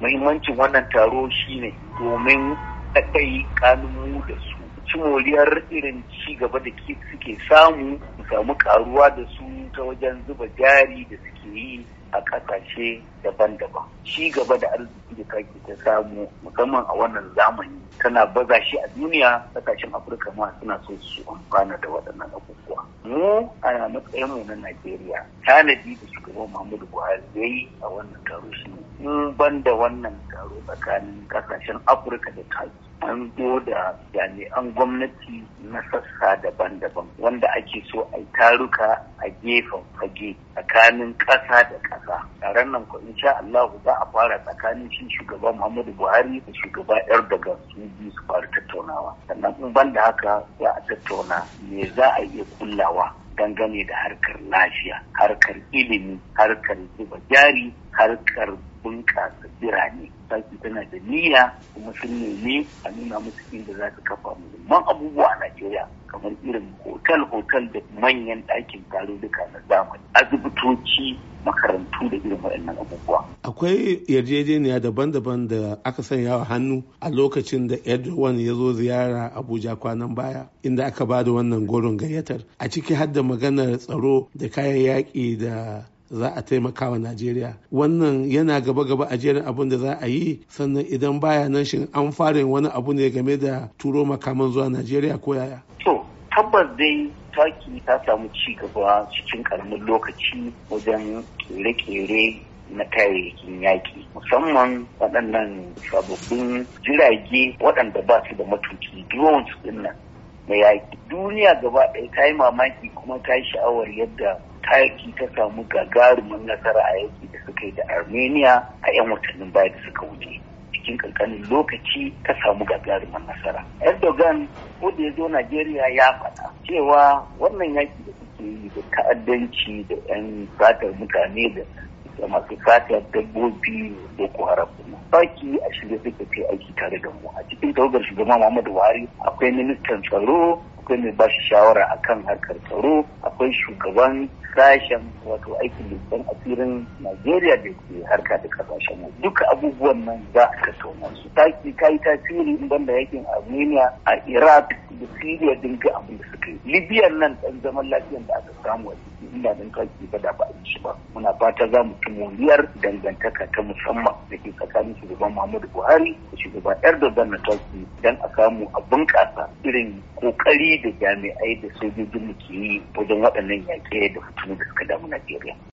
muhimmancin wannan taro shine domin ɗaɗai kanunmu da su ci moriyar irin ci gaba da suke samu su samu karuwa da su ta wajen zuba jari da suke yi a ƙasashe daban-daban ci gaba da arziki da kake ta samu musamman a wannan zamani tana baza shi a duniya ƙasashen afirka ma suna so su amfana da waɗannan abubuwa mu ana matsayin mu na najeriya tanadi da su. shugaban Muhammadu Buhari ya yi a wannan taro shi in ban da wannan taro tsakanin kasashen Afirka da Taki an zo da jami'an gwamnati na sassa daban-daban wanda ake so a yi taruka a gefen fage tsakanin ƙasa da ƙasa taron nan ko in sha Allahu, za a fara tsakanin shi shugaba Muhammadu Buhari da shugaba Erdogan su biyu su fara tattaunawa sannan in ban da haka za a tattauna me za a iya kullawa dangane da harkar lafiya harkar ilimi harkar zuba jari harkar bunƙasa birane saki tana da niyya kuma sun nemi a nuna musu inda za su kafa muhimman abubuwa a Najeriya kamar irin hotel-hotel da manyan ɗakin duka na zamani asibitoci maka su da irin waɗannan abubuwa. Akwai yarjejeniya daban-daban da aka sanya wa hannu a lokacin da Erdogan ya zo ziyara Abuja kwanan baya inda aka ba da wannan goron gayyatar a ciki har da maganar tsaro da kayan yaƙi da za a taimaka wa Najeriya. Wannan yana gaba-gaba a jerin abin da za a yi sannan idan baya nan shin an fara wani abu ne game da turo makaman zuwa Najeriya ko yaya? To, tabbas dai taki ta samu ci gaba cikin karamin lokaci wajen kere-kere na kayayyakin yaƙi musamman waɗannan sababbin jirage waɗanda ba su da matuki drones ɗin nan na yaƙi duniya gaba ɗaya ta yi mamaki kuma ta yi sha'awar yadda taki ta samu gagarumin nasara a yaƙi da suka yi da armenia a 'yan watannin baya da suka wuce cikin kankanin lokaci ka samu gagarumin nasara erdogan ko da ya zo najeriya ya faɗa cewa wannan yaki da suke yi da ta'addanci da 'yan fatar mutane da da masu fatar dabbobi da haram baki a shirye suka ce aiki tare da mu a cikin tawagar shugaban muhammadu buhari akwai ministan tsaro akwai mai ba shi shawara akan harkar tsaro akwai shugaban sashen wato aikin leƙen asirin najeriya da ke harka da kasashen mu duka abubuwan nan za a tattauna su taki kai tasiri in banda yakin armenia a iraq da syria din ga abin da suka yi libya nan dan zaman lafiyan da aka samu a ciki ina dan taki ba da ba a ba muna fata za mu ci liyar dangantaka ta musamman da ke tsakanin su shugaban Muhammadu Buhari da shugaban Erdogan na Turkey don a samu a bunƙasa irin kokari da jami'ai da sojojin mu ke yi wajen waɗannan yaƙe da fitinu da suka damu Najeriya.